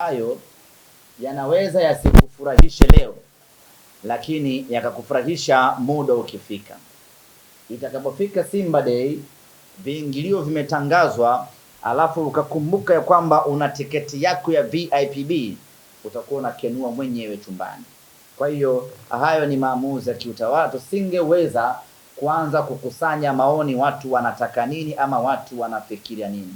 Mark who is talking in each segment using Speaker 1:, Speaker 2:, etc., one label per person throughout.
Speaker 1: ambayo yanaweza yasikufurahishe leo, lakini yakakufurahisha muda ukifika. Itakapofika Simba Day, viingilio vimetangazwa, alafu ukakumbuka ya kwamba una tiketi yako ya VIPB, utakuwa unakenua mwenyewe chumbani. Kwa hiyo hayo ni maamuzi ya kiutawala. Tusingeweza kuanza kukusanya maoni, watu wanataka nini ama watu wanafikiria nini.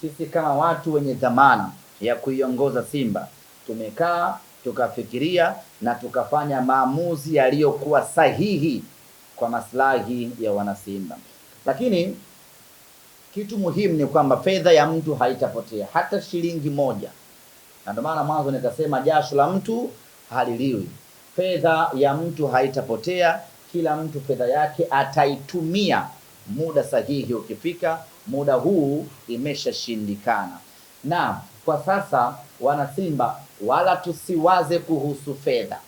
Speaker 1: Sisi kama watu wenye dhamana ya kuiongoza Simba. Tumekaa tukafikiria na tukafanya maamuzi yaliyokuwa sahihi kwa maslahi ya wanasimba. Lakini kitu muhimu ni kwamba fedha ya mtu haitapotea hata shilingi moja, na ndio maana mwanzo nikasema jasho la mtu haliliwi. Fedha ya mtu haitapotea, kila mtu fedha yake ataitumia muda sahihi ukifika. Muda huu imeshashindikana na kwa sasa wanasimba, wala tusiwaze kuhusu fedha.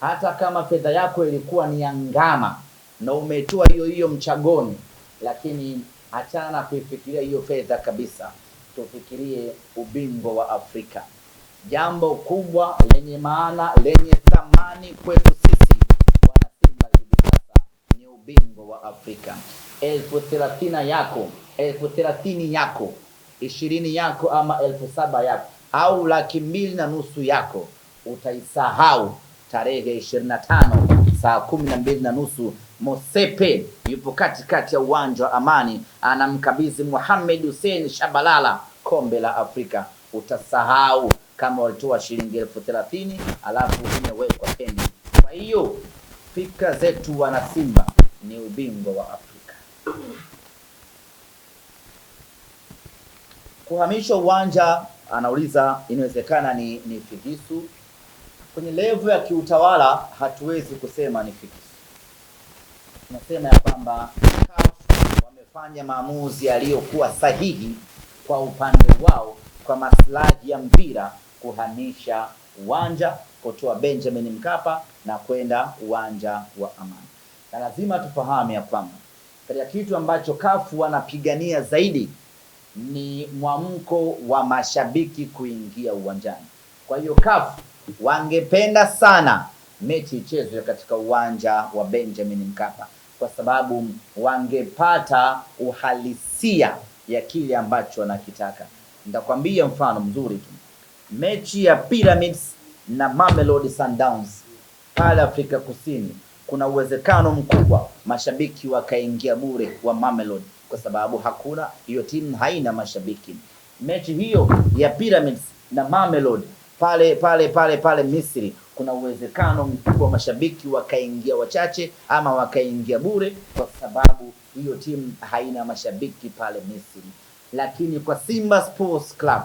Speaker 1: Hata kama fedha yako ilikuwa ni ya ngama na umetoa hiyo hiyo mchagoni, lakini achana kuifikiria hiyo fedha kabisa. Tufikirie ubingwa wa Afrika, jambo kubwa lenye maana lenye thamani kwetu sisi wanasimba hivi sasa ni ubingwa wa Afrika. elfu thelathini yako elfu thelathini yako ishirini yako ama elfu saba yako au laki mbili na nusu yako utaisahau. Tarehe ishirini na tano saa kumi na mbili na nusu Mosepe yupo katikati ya uwanja wa Amani, anamkabidhi muhamed Hussein Shabalala kombe la Afrika. Utasahau kama walitoa shilingi elfu thelathini alafu imewekwa peni. Kwa hiyo fikra zetu, wanasimba ni ubingwa wa Afrika. kuhamishwa uwanja, anauliza inawezekana ni, ni figisu. Kwenye levu ya kiutawala hatuwezi kusema ni figisu, tunasema ya kwamba wamefanya maamuzi yaliyokuwa sahihi kwa upande wao kwa maslahi ya mpira kuhamisha uwanja kutoa Benjamin Mkapa na kwenda uwanja wa Amani, na lazima tufahamu ya kwamba katika kitu ambacho kafu wanapigania zaidi ni mwamko wa mashabiki kuingia uwanjani. Kwa hiyo CAF wangependa sana mechi ichezwe katika uwanja wa Benjamin Mkapa kwa sababu wangepata uhalisia ya kile ambacho wanakitaka. Nitakwambia mfano mzuri tu, mechi ya Pyramids na Mamelodi Sundowns pale Afrika Kusini, kuna uwezekano mkubwa mashabiki wakaingia bure wa Mamelodi kwa sababu hakuna hiyo timu haina mashabiki. Mechi hiyo ya Pyramids na Mamelodi pale pale pale pale Misri, kuna uwezekano mkubwa mashabiki wakaingia wachache ama wakaingia bure, kwa sababu hiyo timu haina mashabiki pale Misri. Lakini kwa Simba Sports Club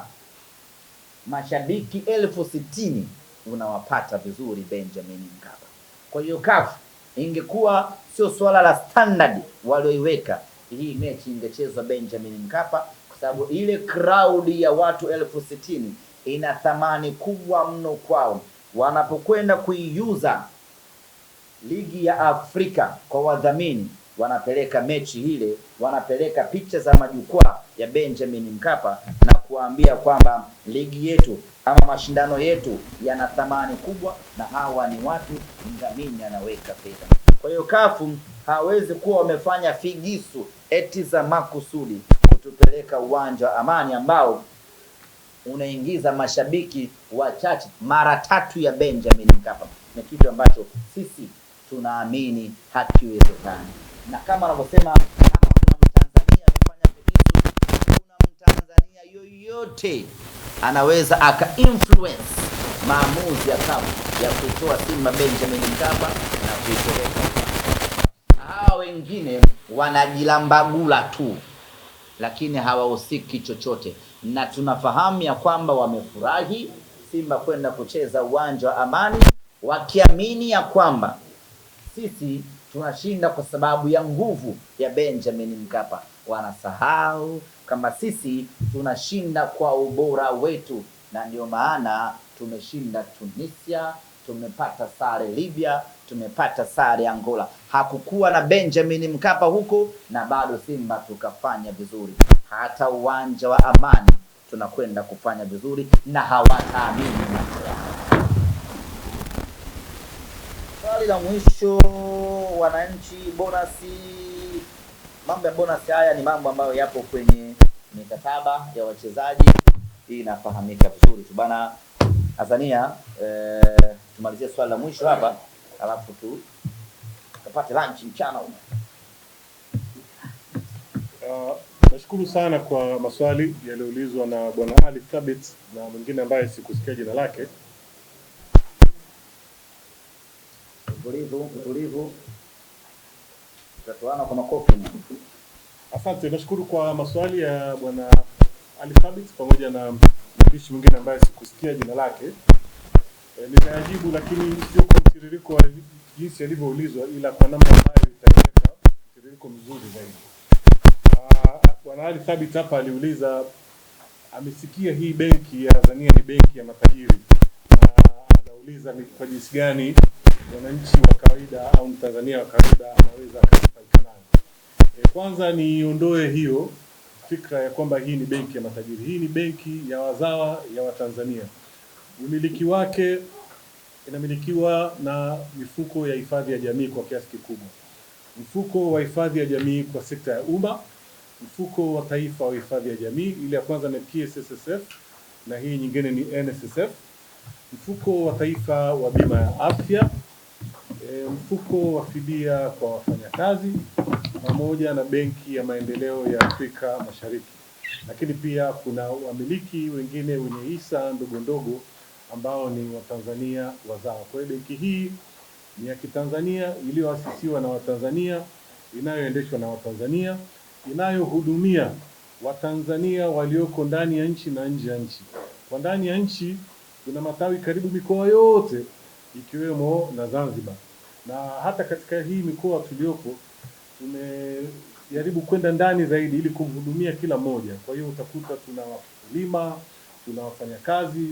Speaker 1: mashabiki elfu sitini unawapata vizuri Benjamin Mkapa. Kwa hiyo CAF ingekuwa sio swala la standard walioiweka hii mechi ingechezwa Benjamin Mkapa kwa sababu ile kraudi ya watu elfu sitini ina thamani kubwa mno kwao wanapokwenda kuiuza ligi ya Afrika kwa wadhamini, wanapeleka mechi ile, wanapeleka picha za majukwaa ya Benjamin Mkapa na kuambia kwamba ligi yetu ama mashindano yetu yana thamani kubwa, na hawa ni watu mdhamini anaweka fedha. Kwa hiyo kafu hawezi kuwa wamefanya figisu eti za makusudi kutupeleka uwanja wa Amani ambao unaingiza mashabiki wachache mara tatu ya Benjamin Mkapa. Ni kitu ambacho sisi tunaamini hakiwezekani, na kama anavyosema, kuna Mtanzania kuna Mtanzania yoyote anaweza aka influence maamuzi ya kafu ya kutoa Simba Benjamin Mkapa na kuipeleka wengine wanajilambagula tu, lakini hawahusiki chochote, na tunafahamu ya kwamba wamefurahi Simba kwenda kucheza uwanja wa Amani wakiamini ya kwamba sisi tunashinda kwa sababu ya nguvu ya Benjamin Mkapa. Wanasahau kama sisi tunashinda kwa ubora wetu, na ndio maana tumeshinda Tunisia, tumepata sare Libya, tumepata sare Angola. Hakukuwa na Benjamin Mkapa huko na bado Simba tukafanya vizuri. Hata uwanja wa Amani tunakwenda kufanya vizuri na hawataamini. Swali la mwisho, wananchi, bonasi. Mambo ya bonasi haya ni mambo ambayo yapo kwenye mikataba ya wachezaji, hii inafahamika vizuri tu bana Azania eh, tumalizie swali la mwisho hapa, alafu tu tukapate lunch mchana.
Speaker 2: Ah, nashukuru uh, sana kwa maswali yaliyoulizwa na Bwana Ali Thabit na mwingine ambaye sikusikia jina lake.
Speaker 1: Utulivu, utulivu. Tutatoana kwa makofi.
Speaker 2: Asante, nashukuru kwa maswali ya Bwana Ali Thabit pamoja na mwandishi mwingine ambaye sikusikia jina lake. E, eh, nimeajibu lakini sio kwa mtiririko wa jinsi yalivyoulizwa, ila kwa namna ambayo itaweka mtiririko mzuri zaidi. Ah, Bwana Ali Thabit hapa aliuliza, amesikia hii benki ya Azania ni benki ya matajiri, na ah, anauliza ni kwa jinsi gani mwananchi wa kawaida au mtanzania wa kawaida anaweza akanufaika nayo. E, kwanza niondoe hiyo fikra ya kwamba hii ni benki ya matajiri. Hii ni benki ya wazawa ya Watanzania. Umiliki wake inamilikiwa na mifuko ya hifadhi ya jamii kwa kiasi kikubwa, mfuko wa hifadhi ya jamii kwa sekta ya umma, mfuko wa taifa wa hifadhi ya jamii. Ile ya kwanza ni PSSSF na hii nyingine ni NSSF, mfuko wa taifa wa bima ya afya, e, mfuko wa fidia kwa wafanyakazi pamoja na benki ya maendeleo ya Afrika Mashariki, lakini pia kuna wamiliki wengine wenye hisa ndogo ndogo ambao ni Watanzania wazawa. Kwa hiyo benki hii ni ya Kitanzania iliyoasisiwa na Watanzania, inayoendeshwa na Watanzania, inayohudumia Watanzania walioko ndani ya nchi na nje ya nchi. Kwa ndani ya nchi kuna matawi karibu mikoa yote ikiwemo na Zanzibar, na hata katika hii mikoa tuliyopo tumejaribu kwenda ndani zaidi ili kumhudumia kila mmoja. Kwa hiyo utakuta tuna wakulima, tuna wafanyakazi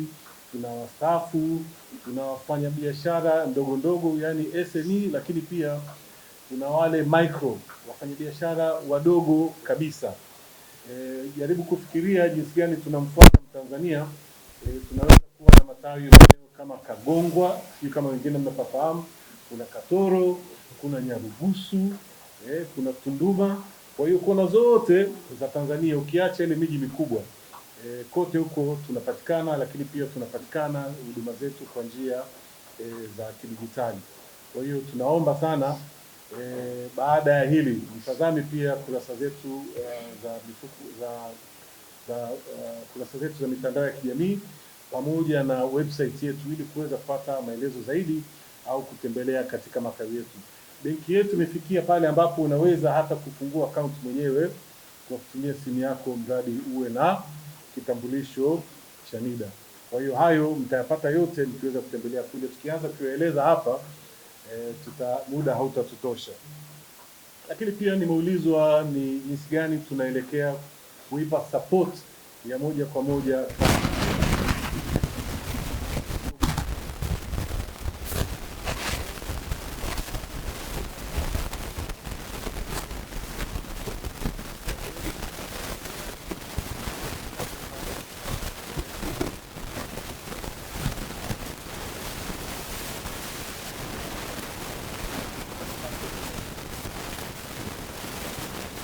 Speaker 2: tuna wastafu, tuna wafanya biashara ndogo ndogo, yani SME, lakini pia kuna wale micro wafanyabiashara wadogo kabisa. E, jaribu kufikiria jinsi gani tunamfuata Mtanzania. E, tunaweza kuwa na matawi maeneo kama Kagongwa, sijui kama wengine mnapafahamu, kuna Katoro, kuna Nyarugusu, e, kuna Tunduma. Kwa hiyo kona zote za Tanzania ukiacha ile miji mikubwa E, kote huko tunapatikana, lakini pia tunapatikana huduma zetu kwa njia e, za kidijitali. Kwa hiyo tunaomba sana e, baada ya hili mtazame pia kurasa zetu e, za mifuku, za, za uh, kurasa zetu za mitandao ya kijamii pamoja na website yetu ili kuweza kupata maelezo zaidi au kutembelea katika makao yetu. Benki yetu imefikia pale ambapo unaweza hata kufungua akaunti mwenyewe kwa kutumia simu yako, mradi uwe na kitambulisho cha NIDA. Kwa hiyo hayo mtayapata yote mkiweza kutembelea kule, tukianza kueleza hapa e, tuta muda hautatutosha. Lakini pia nimeulizwa ni jinsi gani tunaelekea kuipa support ya moja kwa moja